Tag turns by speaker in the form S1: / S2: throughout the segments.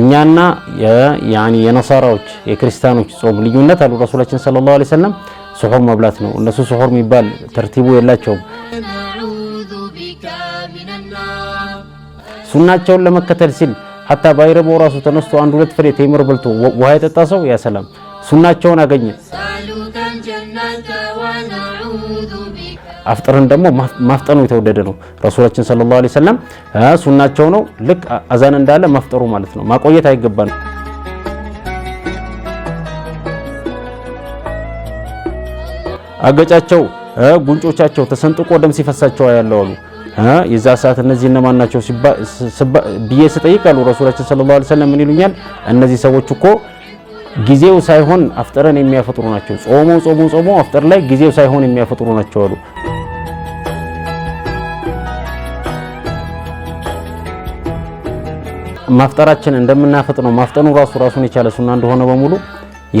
S1: እኛና ያኒ የነሳራዎች የክርስቲያኖች ጾም ልዩነት አሉ ረሱላችን ሰለላሁ ዐለይሂ ወሰለም ስሑር መብላት ነው። እነሱ ስሑር የሚባል ተርቲቡ የላቸውም። ሱናቸውን ለመከተል ሲል ሀታ ባይረበው ራሱ ተነስቶ አንድ ሁለት ፍሬ ቴምር በልቶ ውሃ የጠጣ ሰው ያሰላም ሱናቸውን አገኘ። አፍጥርን ደግሞ ማፍጠኑ የተወደደ ነው። ረሱላችን ሰለላሁ ዐለይሂ ወሰለም ሱናቸው ነው። ልክ አዛን እንዳለ ማፍጠሩ ማለት ነው። ማቆየት አይገባንም። አገጫቸው ጉንጮቻቸው ተሰንጥቆ ደም ሲፈሳቸው ያለው አሉ። የዛ ሰዓት እነዚህ እነማን ናቸው ብዬ ስጠይቅ አሉ ረሱላችን ሰለላሁ ዐለይሂ ወሰለም ምን ይሉኛል? እነዚህ ሰዎች እኮ ጊዜው ሳይሆን አፍጠረን የሚያፈጥሩ ናቸው። ጾሞ ጾሞ ጾሞ አፍጠር ላይ ጊዜው ሳይሆን የሚያፈጥሩ ናቸው አሉ። ማፍጠራችን እንደምናፈጥነው ማፍጠኑ ራሱ ራሱን የቻለ ሱና እንደሆነ በሙሉ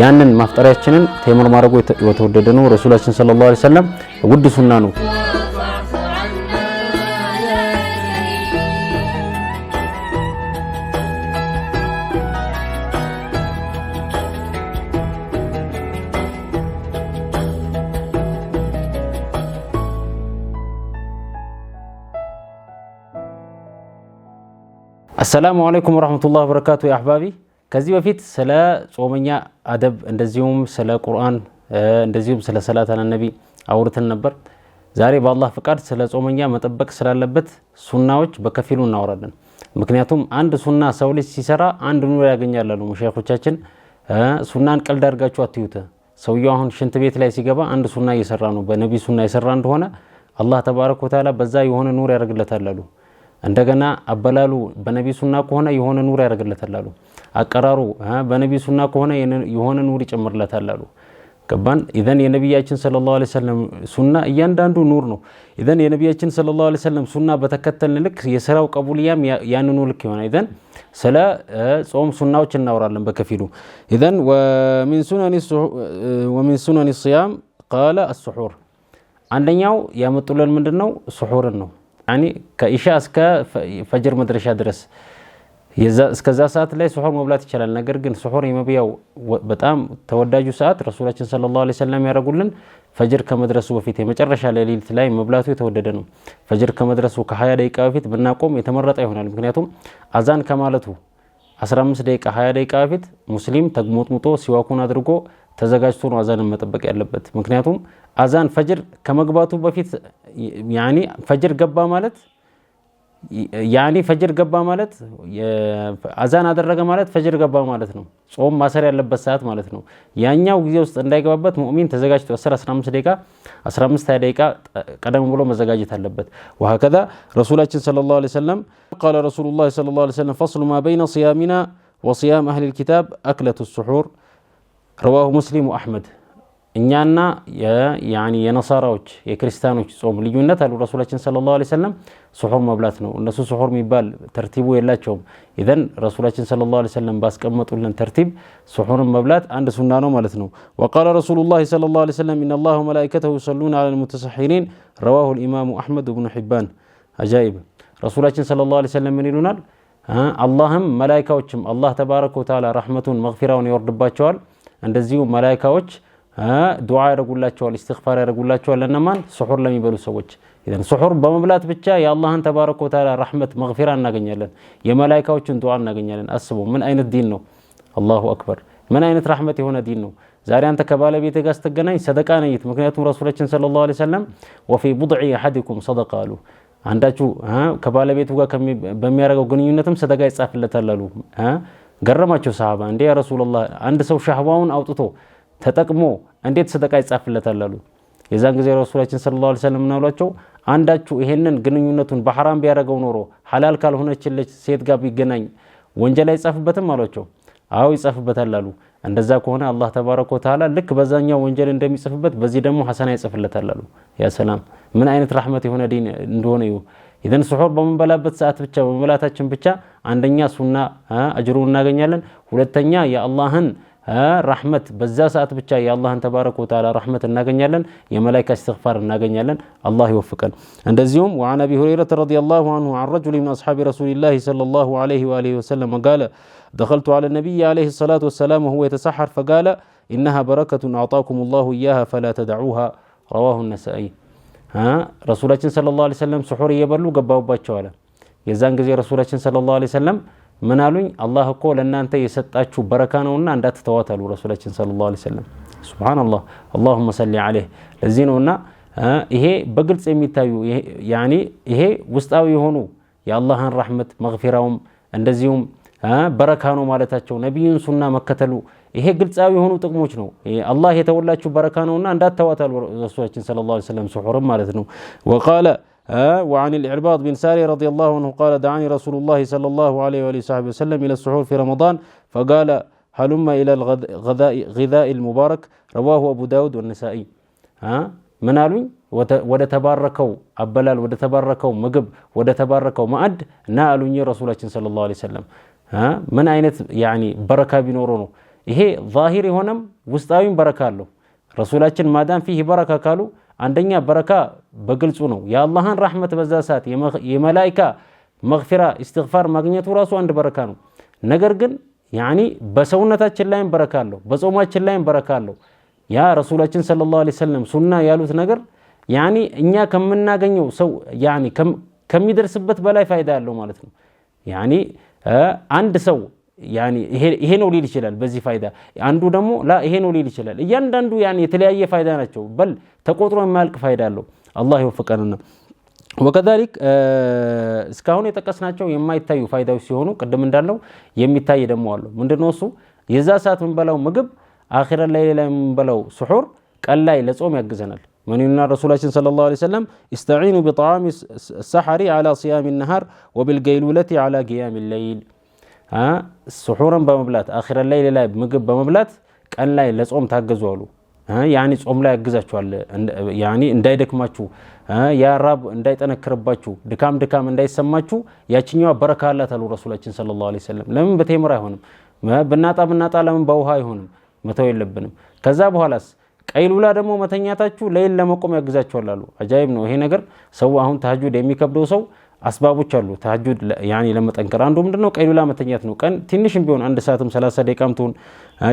S1: ያንን ማፍጠሪያችንን ቴምር ማድረጉ የተወደደ ነው። ረሱላችን ሰለላሁ ዐለይሂ ወሰለም ውድ ሱና ነው።
S2: አሰላሙ አለይኩም ወረህመቱላህ በረካቱ አህባቢ ከዚህ በፊት ስለ ጾመኛ አደብ እንደዚሁም ስለ ቁርአን እንደዚሁም ስለ ሰላት አለነቢ አውርተን ነበር። ዛሬ በአላህ ፍቃድ ስለ ጾመኛ መጠበቅ ስላለበት ሱናዎች በከፊሉ እናወራለን። ምክንያቱም አንድ ሱና ሰው ልጅ ሲሰራ አንድ ኑሮ ያገኛላሉ ሙሸይኮቻችን። ሱናን ቀልድ አድርጋችሁ አትዩት። ሰውየው አሁን ሽንት ቤት ላይ ሲገባ አንድ ሱና እየሰራ ነው። በነቢ ሱና የሰራ እንደሆነ አላህ ተባረከ ወተዓላ በዛ የሆነ ኑሮ ያደርግለታል አሉ እንደገና አበላሉ በነቢይ ሱና ከሆነ የሆነ ኑር ያደርግለታል አሉ። አቀራሩ በነቢይ ሱና ከሆነ የሆነ ኑር ይጨምርለታል አሉ። ገባን ኢዘን የነቢያችን ሰለላሁ ዐለይሂ ወሰለም ሱና እያንዳንዱ ኑር ነው። ኢዘን የነቢያችን ሰለላሁ ዐለይሂ ወሰለም ሱና በተከተልን ልክ የስራው ቀቡልያም ያንኑ ልክ ይሆናል። ኢዘን ስለ ጾም ሱናዎች እናወራለን በከፊሉ። ኢዘን ወሚን ሱነኒ ሲያም ቃለ አስሑር አንደኛው ያመጡለን ምንድን ነው? ስሑርን ነው ከኢሻ እስከ ፈጅር መድረሻ ድረስ እስከዛ ሰዓት ላይ ስሑር መብላት ይቻላል። ነገር ግን ስሑር የመብያው በጣም ተወዳጁ ሰዓት ረሱላችን ሰለላሁ ዓለይሂ ወሰለም ያደረጉልን ፈጅር ከመድረሱ በፊት የመጨረሻ ሌሊት ላይ መብላቱ የተወደደ ነው። ፈጅር ከመድረሱ ከ20 ደቂቃ በፊት ብናቆም የተመረጠ ይሆናል። ምክንያቱም አዛን ከማለቱ 15 ደቂቃ 20 ደቂቃ በፊት ሙስሊም ተግሞጥሙጦ ሲዋኩን አድርጎ ተዘጋጅቶ ነው አዛንን መጠበቅ ያለበት ምክንያቱም አዛን ፈጅር ከመግባቱ በፊት ያኒ ፈጅር ገባ ማለት ያኒ ፈጅር ገባ ማለት አዛን አደረገ ማለት ፈጅር ገባ ማለት ነው። ጾም ማሰር ያለበት ሰዓት ማለት ነው። ያኛው ጊዜ ውስጥ እንዳይገባበት ሙእሚን ተዘጋጅቶ 10 15 ደቂቃ 15 ደቂቃ ቀደም ብሎ መዘጋጀት አለበት። ወሀከዛ ረሱላችን ሰለላሁ ዐለይሂ ወሰለም الله صلى الله عليه وسلم ፈስሉ ما بين ሲያሚና ወሲያም አህሊል الكتاب አክለቱ السحور ረዋሁ مسلم ወአሕመድ እኛና የነሳራዎች የክርስቲያኖች ጾም ልዩነት አሉ ረሱላችን ሰለላሁ ዓለይሂ ወሰለም ስሑር መብላት ነው። እነሱ ስሑር የሚባል ተርቲቡ የላቸውም። ኢዘን ረሱላችን ሰለላሁ ዓለይሂ ወሰለም ባስቀመጡልን ተርቲብ ስሑርን መብላት አንድ ሱና ነው ማለት ነው። ወቃለ ረሱሉላሂ ሰለላሁ ዓለይሂ ወሰለም ኢነ ላሁ መላኢከተሁ ዩሰሉነ ዐለል ሙተሰሒሪን ረዋሁ ልኢማሙ አሕመድ ብኑ ሒባን። አጃኢብ ረሱላችን ሰለላሁ ዓለይሂ ወሰለም ምን ይሉናል? አላህም መላይካዎችም አላህ ተባረከ ወተዓላ ረሕመቱን መግፊራውን ይወርድባቸዋል እንደዚሁ መላይካዎች ዱዓ ያደርጉላቸዋል፣ እስትግፋር ያደርጉላቸዋል። እነማን ስሑር ለሚበሉ ሰዎች። ስሑር በመብላት ብቻ የአላህን ተባረከ ወተዓላ ረሕመት መግፊራ እናገኛለን። የመላይካዎችን ዱዓ እናገኛለን። አስቡ፣ ምን አይነት ዲን ነው! አላሁ አክበር! ምን አይነት ረሕመት የሆነ ዲን ነው! ዛሬ አንተ ከባለቤት ጋር ስትገናኝ ሰደቃ ነይት። ምክንያቱም ረሱላችን ሰለላሁ ዐለይሂ ወሰለም ወፊ ቡድዒ አሐዲኩም ሰደቃ አሉ። አንዳችሁ ከባለቤቱ ጋር በሚያደርገው ግንኙነትም ሰደቃ ይጻፍለታል አሉ። ገረማቸው ሰሃባ፣ እንዴ ያ ረሱላላህ አንድ ሰው ሻህባውን አውጥቶ ተጠቅሞ እንዴት ሰደቃ ይጻፍለታል አሉ። የዛን ጊዜ ረሱላችን ሰለላሁ ዐለይሂ ወሰለም ምናሏቸው አንዳችሁ ይሄንን ግንኙነቱን በሐራም ቢያደረገው ኖሮ ሐላል ካልሆነችለች ሴት ጋር ቢገናኝ ወንጀል አይጻፍበትም አሏቸው። አዎ ይጻፍበታል አሉ። እንደዛ ከሆነ አላህ ተባረከ ወተዓላ ልክ በዛኛው ወንጀል እንደሚጽፍበት በዚህ ደግሞ ሐሰና ይጽፍለታል አሉ። ያ ሰላም ምን አይነት ራህመት የሆነ ዲን እንደሆነ ይሁ ኢዘን ስሑር በምንበላበት ሰዓት ብቻ በመብላታችን ብቻ አንደኛ ሱና አጅሩን እናገኛለን፣ ሁለተኛ የአላህን ራሕመት በዛ ሰዓት ብቻ የአላህን ተባረከ ወተዓላ ራሕመት እናገኛለን። የመላይካ እስትግፋር እናገኛለን። አላህ ይወፍቀን። እንደዚሁም ወዓን አቢ ሁረይረተ ረዲየላሁ አንሁ ዐን ረጁሊን ምን አስሓቢ ረሱሊላሂ ሰለላሁ ዐለይሂ ወአሊሂ ወሰለም ቃለ ደኸልቱ ዐለ ነቢይ ዐለይሂ ሰላቱ ወሰላም ወሁወ የተሰሐር ፈቃለ ኢነሃ በረከቱን አዕጣኩም ላሁ እያሃ ፈላ ተደዑሃ ረዋሁ ነሳኢ። ረሱላችን ሰለላሁ ዐለይሂ ወሰለም ስሑር እየበሉ ገባሁባቸው አለ። የዛን ጊዜ ረሱላችን ሰለላሁ ዐለይሂ ወሰለም ምን አሉኝ? አላህ እኮ ለእናንተ የሰጣችሁ በረካ ነውና እንዳትተዋት አሉ ረሱላችን ሰለላሁ ዐለይሂ ወሰለም። ሱብሓነላህ አላሁመ ሰሊ ዐለይህ። ለዚህ ነውና ይሄ በግልጽ የሚታዩ ይሄ ውስጣዊ የሆኑ የአላህን ራህመት መግፊራውም እንደዚሁም በረካ ነው ማለታቸው ነቢዩን ሱና መከተሉ ይሄ ግልጻዊ የሆኑ ጥቅሞች ነው። አላህ የተወላችሁ በረካ ነውና እንዳትተዋት አሉ ረሱላችን ሰለላሁ ዐለይሂ ወሰለም። ስሑርም ማለት ነው ወቃለ وعن العرباض بن ساري رضي الله عنه قال دعاني رسول الله صلى الله عليه وآله وصحبه وسلم إلى السحور في رمضان فقال هلما إلى الغذاء غذاء المبارك رواه أبو داود والنسائي ها من قالوين تباركوا أبلال ودا تباركوا مقب ودا تباركوا مأد نالوني رسول الله صلى الله عليه وسلم ها من أين يعني بركة بنورونو هي ظاهري هنا وستاوين بركة له رسول الله مادام فيه بركة قالوا አንደኛ በረካ በግልጹ ነው። የአላህን ራህመት በዛ ሰዓት የመላይካ መግፊራ እስትግፋር ማግኘቱ ራሱ አንድ በረካ ነው። ነገር ግን ያኒ በሰውነታችን ላይም በረካ አለው፣ በጾማችን ላይም በረካ አለው። ያ ረሱላችን ሰለላሁ ዐለይሂ ወሰለም ሱና ያሉት ነገር ያኒ እኛ ከምናገኘው ሰው ያኒ ከሚደርስበት በላይ ፋይዳ ያለው ማለት ነው። ያኒ አንድ ሰው ይሄ ነው ሊል ይችላል። በዚህ ፋይዳ አንዱ ደግሞ ይሄ ነው ሊል ይችላል። እያንዳንዱ የተለያየ ፋይዳ ናቸው። በል ተቆጥሮ የማያልቅ ፋይዳ አለው። አላህ ይወፍቀንና ወከዛሊክ እስካሁን የጠቀስናቸው የማይታዩ ፋይዳዎች ሲሆኑ ቅድም እንዳለው የሚታይ ደግሞ አለው። ምንድነው እሱ? የዛ ሰዓት የምንበላው ምግብ አኺራ ላይ ሌላ የምንበላው ስሑር ቀን ላይ ለጾም ያግዘናል። መኒና ረሱላችን ሰለላሁ ዐለይሂ ወሰለም ኢስተዒኑ ቢጠዓሚ ሰሐሪ ዐላ ሲያሚ ነሃር ወቢልገይሉለቲ ዐላ ጊያሚ ለይል ስሑርን በመብላት አኺረን ላይ ሌላ ምግብ በመብላት ቀን ላይ ለጾም ታገዙ አሉ። ያኒ ጾም ላይ ያግዛችኋል። ያኒ እንዳይደክማችሁ፣ ያ ራብ እንዳይጠነክርባችሁ፣ ድካም ድካም እንዳይሰማችሁ ያችኛዋ በረካ አላት አሉ ረሱላችን ሰለላሁ ዐለይሂ ወሰለም። ለምን በቴምር አይሆንም? ብናጣ ብናጣ ለምን በውሃ አይሆንም? መተው የለብንም። ከዛ በኋላስ ቀይሉላ ደግሞ መተኛታችሁ ለይል ለመቆም ያግዛችኋል አሉ። አጃይብ ነው ይሄ ነገር። ሰው አሁን ተሐጁድ የሚከብደው ሰው አስባቦች አሉ። ተሀጁድ ያኔ ለመጠንከር አንዱ ምንድነው ቀይሉላ መተኛት ነው። ቀን ትንሽም ቢሆን አንድ ሰዓትም ሰላሳ ደቂቃም ትሆን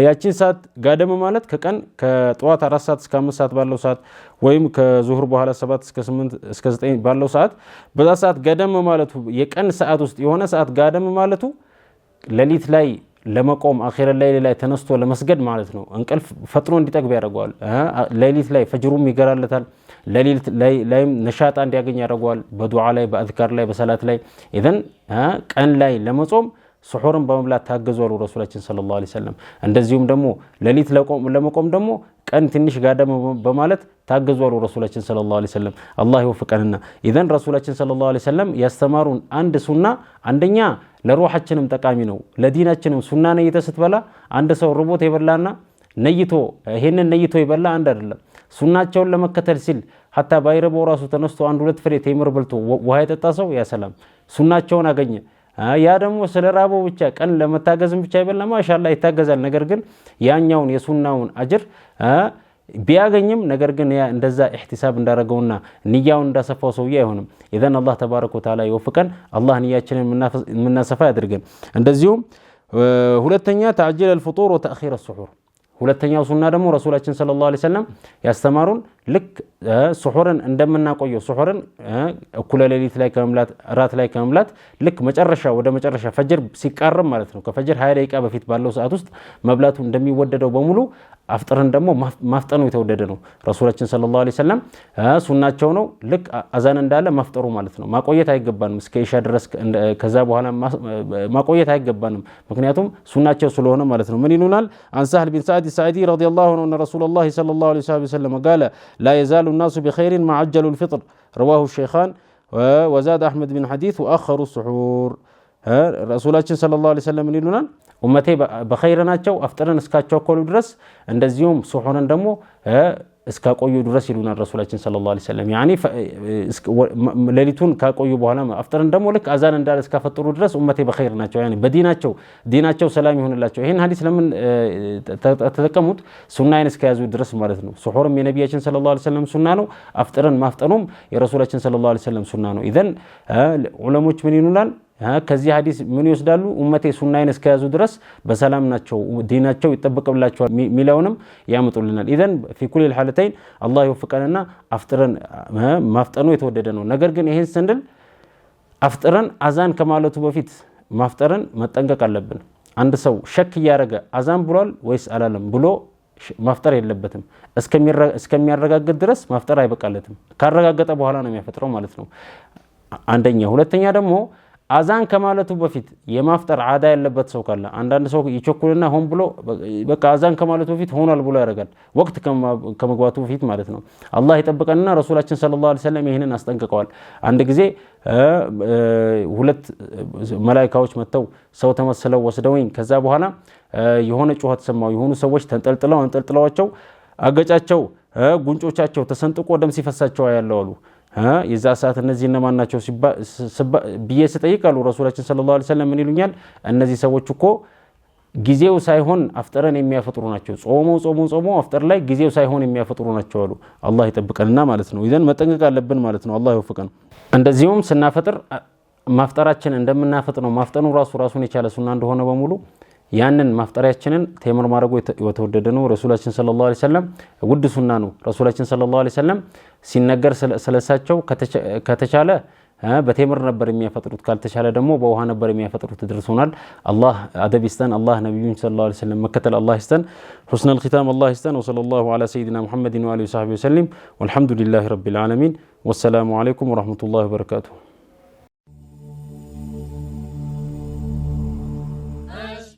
S2: ያቺን ሰዓት ጋደም ማለት ከቀን ከጠዋት አራት ሰዓት እስከ አምስት ሰዓት ባለው ሰዓት ወይም ከዙሁር በኋላ ሰባት እስከ ስምንት እስከ ዘጠኝ ባለው ሰዓት በዛ ሰዓት ጋደም ማለቱ የቀን ሰዓት ውስጥ የሆነ ሰዓት ጋደም ማለቱ ሌሊት ላይ ለመቆም አኼረ ላይ ላይ ተነስቶ ለመስገድ ማለት ነው። እንቅልፍ ፈጥኖ እንዲጠግብ ያደርገዋል። ሌሊት ላይ ፈጅሩም ይገራለታል። ለሊት ላይም ነሻጣ እንዲያገኝ ያደርገዋል። በዱዓ ላይ፣ በአዝካር ላይ፣ በሰላት ላይ ኢዘን ቀን ላይ ለመጾም ስሑርን በመብላት ታገዙ ረሱላችን ሰለላሁ ዐለይሂ ወሰለም። እንደዚሁም ደግሞ ለሊት ለመቆም ደግሞ ቀን ትንሽ ጋደም በማለት ታገዙ ረሱላችን ሰለላሁ ዐለይሂ ወሰለም። አላህ ይወፍቀንና ኢዘን ረሱላችን ሰለላሁ ዐለይሂ ወሰለም ያስተማሩን አንድ ሱና አንደኛ ለሩሓችንም ጠቃሚ ነው፣ ለዲናችንም ሱና ነይተ ስትበላ አንድ ሰው ርቦት የበላና ነይቶ ይሄንን ነይቶ ይበላ አንድ አይደለም። ሱናቸውን ለመከተል ሲል ሀታ ባይረበው ራሱ ተነስቶ አንድ ሁለት ፍሬ ቴምር በልቶ ውሃ የጠጣ ሰው ያ ሰላም ሱናቸውን አገኘ። ያ ደግሞ ስለ ራበው ብቻ ቀን ለመታገዝም ብቻ ይበላ ማሻላ ይታገዛል። ነገር ግን ያኛውን የሱናውን አጅር ቢያገኝም ነገር ግን እንደዛ ኢሕቲሳብ እንዳረገውና ንያውን እንዳሰፋው ሰውዬ አይሆንም። ኢዘን አላህ ተባረከ ወተዓላ ይወፍቀን። አላህ ንያችንን የምናሰፋ ያድርገን። እንደዚሁም ሁለተኛ ተዕጂል አልፍጡር ወተእኺር አስሑር ሁለተኛው ሱና ደግሞ ረሱላችን ሰለላሁ ዐለይሂ ወሰለም ያስተማሩን ልክ ሱሑርን እንደምናቆየው ሱሑርን እኩለ ሌሊት ላይ ከመምላት እራት ላይ ከመምላት ልክ መጨረሻ ወደ መጨረሻ ፈጅር ሲቃረብ ማለት ነው ከፈጅር ሀያ ደቂቃ በፊት ባለው ሰዓት ውስጥ መብላቱ እንደሚወደደው በሙሉ አፍጥርን ደግሞ ማፍጠኑ የተወደደ ነው። ረሱላችን ሰለላሁ ዐለይሂ ወሰለም ሱናቸው ነው። ልክ አዛን እንዳለ ማፍጠሩ ማለት ነው። ማቆየት አይገባንም። እስከ ኢሻ ድረስ ከዛ በኋላ ማቆየት አይገባንም። ምክንያቱም ሱናቸው ስለሆነ ማለት ነው። ምን ይሉናል? አን ሰህል ቢን ሰዓድ ሰዓዲ ረዲየላሁ ዐንሁ ረሱሉላሂ ሰለላሁ ዐለይሂ ወሰለም ጋለ لا يزال الناس بخير ما عجلوا الفطر رواه الشيخان وزاد أحمد بن حديث وأخروا السحور الله عليه وسلم يقول لنا أمتي بخيرنا ናቸው አፍጥረን እስካቸው ኮሉ ድረስ እንደዚሁም ስሑርን دمو እስካቆዩ ድረስ ይሉናል ረሱላችን ሰለላሁ ዐለይሂ ወሰለም። ያኔ ሌሊቱን ካቆዩ በኋላ አፍጥርን ደግሞ ልክ አዛን እንዳለ እስካፈጥሩ ድረስ ኡመቴ በኸይር ናቸው። ያኔ በዲናቸው ዲናቸው ሰላም ይሆንላቸው። ይህን ሀዲስ ለምን ተጠቀሙት? ሱናዬን እስከያዙ ድረስ ማለት ነው። ስሑርም የነቢያችን ሰለላሁ ዐለይሂ ወሰለም ሱና ነው። አፍጥርን ማፍጠኑም የረሱላችን ሰለላሁ ዐለይሂ ወሰለም ሱና ነው። ኢዘን ዑለሞች ምን ይሉናል? ከዚህ ሀዲስ ምን ይወስዳሉ? ኡመቴ ሱናይን እስከያዙ ድረስ በሰላም ናቸው፣ ዲናቸው ይጠበቅብላቸዋል የሚለውንም ያመጡልናል። ኢዘን ፊ ኩል ሐለተይን አላህ ይወፍቀንና አፍጥረን ማፍጠኑ የተወደደ ነው። ነገር ግን ይህን ስንል አፍጥረን አዛን ከማለቱ በፊት ማፍጠርን መጠንቀቅ አለብን። አንድ ሰው ሸክ እያደረገ አዛን ብሏል ወይስ አላለም ብሎ ማፍጠር የለበትም። እስከሚያረጋግጥ ድረስ ማፍጠር አይበቃለትም። ካረጋገጠ በኋላ ነው የሚያፈጥረው ማለት ነው። አንደኛ። ሁለተኛ ደግሞ አዛን ከማለቱ በፊት የማፍጠር አዳ ያለበት ሰው ካለ አንዳንድ ሰው ይቸኩልና ሆን ብሎ በቃ አዛን ከማለቱ በፊት ሆኗል ብሎ ያደርጋል። ወቅት ከመግባቱ በፊት ማለት ነው። አላህ ይጠብቀንና ረሱላችን ሰለላሁ ዐለይሂ ወሰለም ይህንን አስጠንቅቀዋል። አንድ ጊዜ ሁለት መላይካዎች መጥተው ሰው ተመስለው ወስደውኝ ከዛ በኋላ የሆነ ጩኸት ሰማሁ። የሆኑ ሰዎች ተንጠልጥለው አንጠልጥለዋቸው አገጫቸው፣ ጉንጮቻቸው ተሰንጥቆ ደም ሲፈሳቸው ያለው አሉ የዛ ሰዓት እነዚህ እነማን ናቸው ብዬ ስጠይቅ አሉ ረሱላችን ሰለላሁ ላ ሰለም ምን ይሉኛል? እነዚህ ሰዎች እኮ ጊዜው ሳይሆን አፍጠረን የሚያፈጥሩ ናቸው። ጾሞ ጾሞ ጾሞ አፍጠር ላይ ጊዜው ሳይሆን የሚያፈጥሩ ናቸው አሉ። አላህ ይጠብቀንና ማለት ነው። ይዘን መጠንቀቅ አለብን ማለት ነው። አላህ ይወፍቀን። እንደዚሁም ስናፈጥር ማፍጠራችን እንደምናፈጥ ነው ማፍጠኑ ራሱ ራሱን የቻለ ሱና እንደሆነ በሙሉ ያንን ማፍጠሪያችንን ቴምር ማድረጉ የተወደደ ነው። ረሱላችን ሰለላሁ ዐለይሂ ወሰለም ውድ ሱና ነው። ረሱላችን ሰለላሁ ዐለይሂ ወሰለም ሲነገር ስለሳቸው ከተቻለ በቴምር ነበር የሚያፈጥሩት፣ ካልተቻለ ደግሞ በውሃ ነበር የሚያፈጥሩት። ደርሶናል። አላህ አደብ ይስጠን። አላህ ነቢዩን ሰለላሁ ዐለይሂ ወሰለም መከተል አላህ ይስጠን። ሁስነል ኺታም አላህ ይስጠን። ወሰለላሁ ዐላ ሰይዲና ሙሐመድን ወአሊሂ ወሰሕቢሂ ወሰሊም። ወልሐምዱሊላሂ ረቢል ዓለሚን። ወሰላሙ ዐለይኩም ወረሕመቱላሂ ወበረካቱሁ